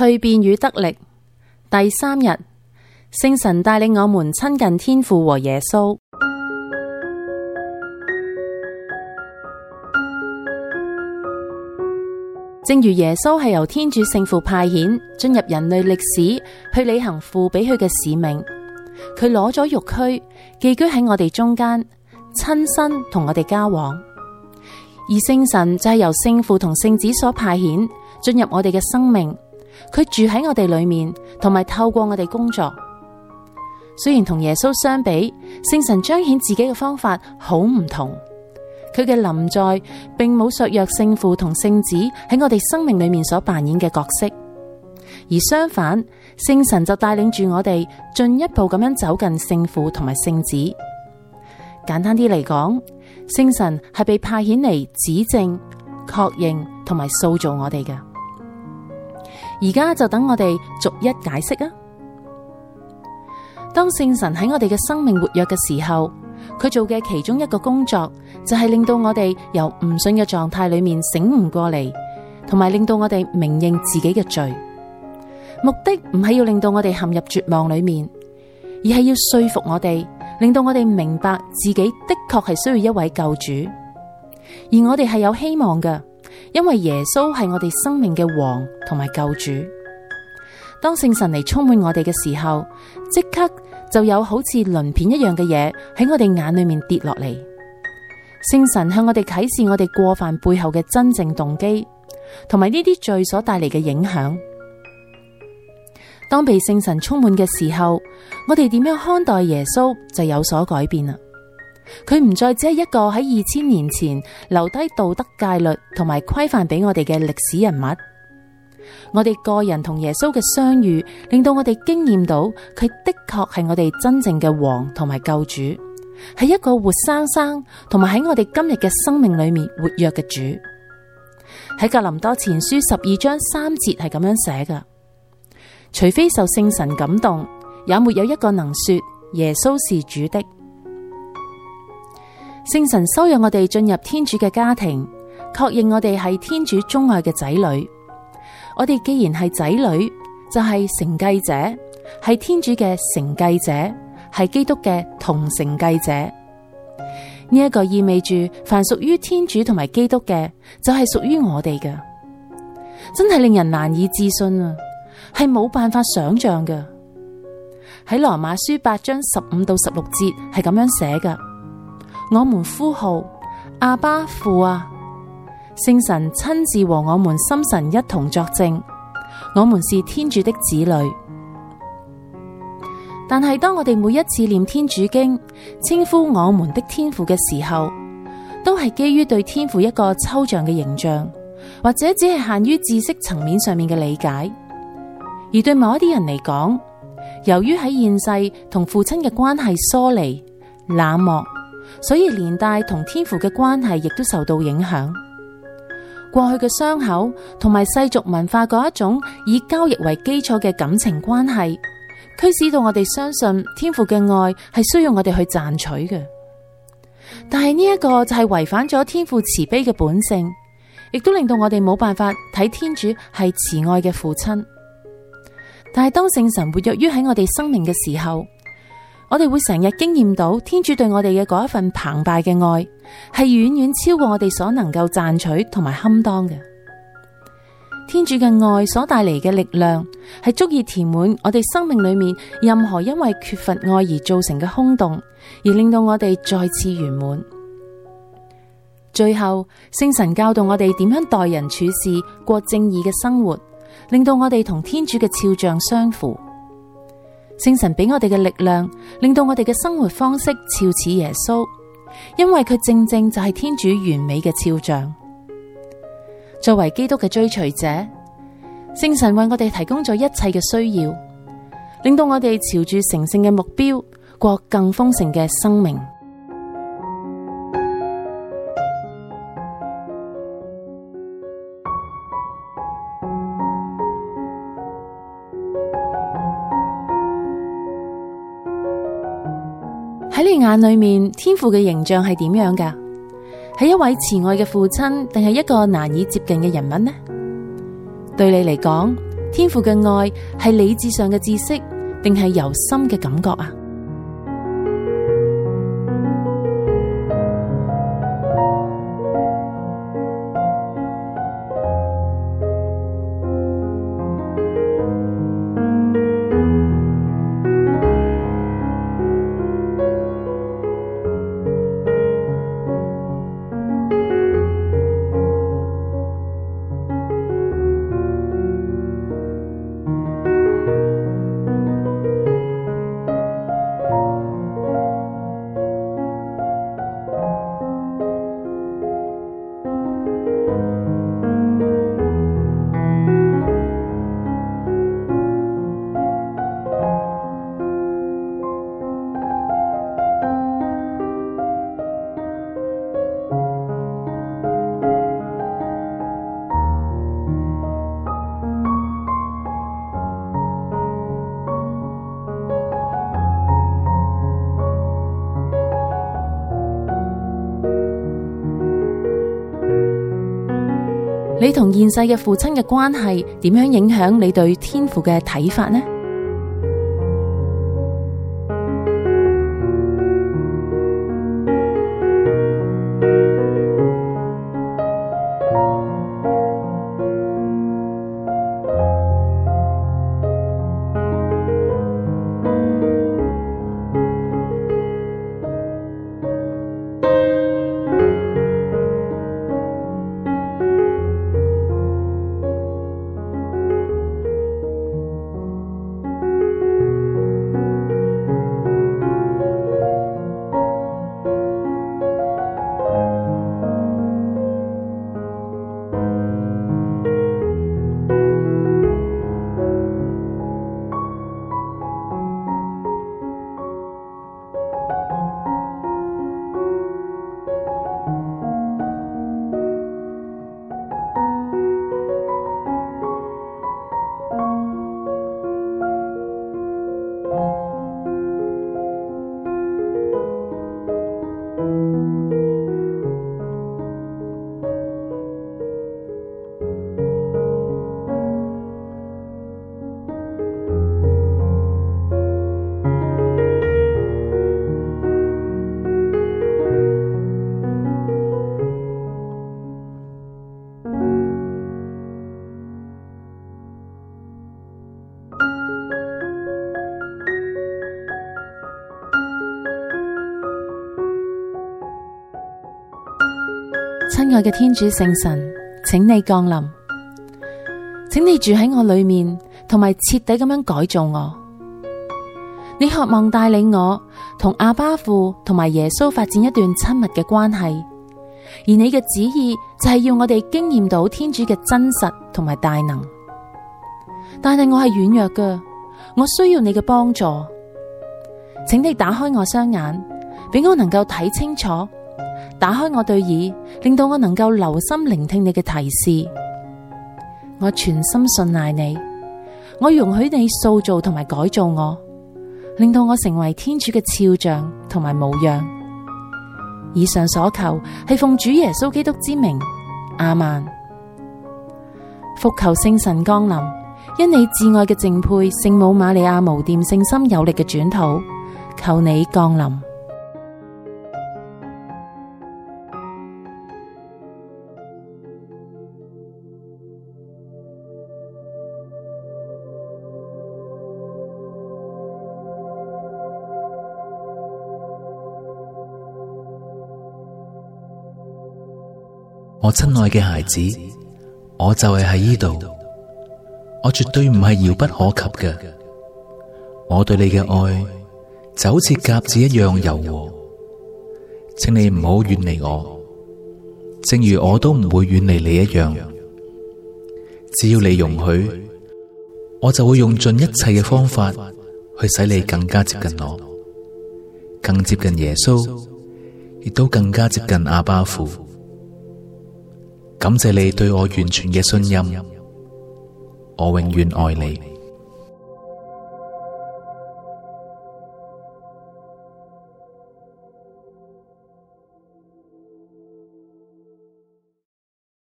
蛻變與得力，第三日，聖神帶領我們親近天父和耶穌。正如耶穌係由天主聖父派遣，進入人類歷史去履行父俾佢嘅使命，佢攞咗肉軀寄居喺我哋中間，親身同我哋交往；而聖神就係由聖父同聖子所派遣，進入我哋嘅生命。佢住喺我哋裏面，同埋透過我哋工作。雖然同耶穌相比，聖神彰顯自己嘅方法好唔同。佢嘅臨在並冇削弱聖父同聖子喺我哋生命裏面所扮演嘅角色，而相反，聖神就帶領住我哋進一步咁樣走近聖父同埋聖子。簡單啲嚟講，聖神係被派遣嚟指證、確認同埋塑造我哋嘅。而家就等我哋逐一解釋啊！當聖神喺我哋嘅生命活躍嘅時候，佢做嘅其中一個工作就係令到我哋由唔信嘅狀態裏面醒悟過嚟，同埋令到我哋明認自己嘅罪。目的唔係要令到我哋陷入絕望裏面，而係要說服我哋，令到我哋明白自己的確係需要一位救主，而我哋係有希望嘅。因為耶穌係我哋生命嘅王同埋救主，當聖神嚟充滿我哋嘅時候，即刻就有好似鱗片一樣嘅嘢喺我哋眼裏面跌落嚟。聖神向我哋啟示我哋過犯背後嘅真正動機，同埋呢啲罪所帶嚟嘅影響。當被聖神充滿嘅時候，我哋點樣看待耶穌就有所改變啦。佢唔再只係一個喺二千年前留低道德戒律同埋規範俾我哋嘅歷史人物，我哋個人同耶穌嘅相遇，令到我哋經驗到佢的確係我哋真正嘅王同埋救主，係一個活生生同埋喺我哋今日嘅生命裏面活躍嘅主。喺格林多前書十二章三節係咁樣寫嘅：「除非受聖神感動，也沒有一個能說耶穌是主的。」聖神收養我哋進入天主嘅家庭，確認我哋係天主鍾愛嘅仔女。我哋既然係仔女，就係承繼者，係天主嘅承繼者，係基督嘅同承繼者。呢、這、一個意味住，凡屬於天主同埋基督嘅，就係、是、屬於我哋嘅。真係令人難以置信啊！係冇辦法想象嘅。喺羅馬書八章十五到十六節係咁樣寫㗎。我們呼號，阿爸父啊，聖神親自和我們心神一同作證，我們是天主的子女。但係，當我哋每一次念天主經，稱呼我們的天父嘅時候，都係基於對天父一個抽象嘅形象，或者只係限於知識層面上面嘅理解。而對某一啲人嚟講，由於喺現世同父親嘅關係疏離、冷漠。所以連帶同天父嘅關係亦都受到影響。過去嘅傷口同埋世俗文化嗰一種以交易為基礎嘅感情關係，驅使到我哋相信天父嘅愛係需要我哋去賺取嘅。但係呢一個就係違反咗天父慈悲嘅本性，亦都令到我哋冇辦法睇天主係慈愛嘅父親。但係當聖神活躍於喺我哋生命嘅時候，我哋會成日經驗到天主對我哋嘅嗰一份澎湃嘅愛，係遠遠超過我哋所能夠賺取同埋堪當嘅。天主嘅愛所帶嚟嘅力量，係足以填滿我哋生命裏面任何因為缺乏愛而造成嘅空洞，而令到我哋再次圓滿。最後，聖神教導我哋點樣待人處事，過正義嘅生活，令到我哋同天主嘅肖像相符。聖神俾我哋嘅力量，令到我哋嘅生活方式肖似耶穌，因為佢正正就係天主完美嘅肖像。作為基督嘅追隨者，聖神為我哋提供咗一切嘅需要，令到我哋朝住成聖嘅目標，過更豐盛嘅生命。喺你眼裏面，天父嘅形象係點樣噶？係一位慈愛嘅父親，定係一個難以接近嘅人物呢？對你嚟講，天父嘅愛係理智上嘅知識，定係由心嘅感覺啊？你同現世嘅父親嘅關係點樣影響你對天父嘅睇法呢？親愛嘅天主聖神，請你降臨，請你住喺我裏面，同埋徹底咁樣改造我。你渴望帶領我同阿爸父同埋耶穌發展一段親密嘅關係，而你嘅旨意就係要我哋經驗到天主嘅真實同埋大能。但係我係軟弱嘅，我需要你嘅幫助，請你打開我雙眼，俾我能夠睇清楚。打開我對耳，令到我能夠留心聆聽你嘅提示。我全心信賴你，我容許你塑造同埋改造我，令到我成為天主嘅肖像同埋模樣。以上所求係奉主耶穌基督之名，亞孟。伏求聖神降臨，因你至愛嘅淨配，聖母瑪利亞無玷聖心有力嘅轉禱，求你降臨。我親愛嘅孩子，我就係喺呢度，我絕對唔係遙不可及嘅。我對你嘅愛就好似鴿子一樣柔和，請你唔好遠離我，正如我都唔會遠離你一樣。只要你容許，我就會用盡一切嘅方法去使你更加接近我，更接近耶穌，亦都更加接近阿爸父。感謝你對我完全嘅信任，我永遠愛你。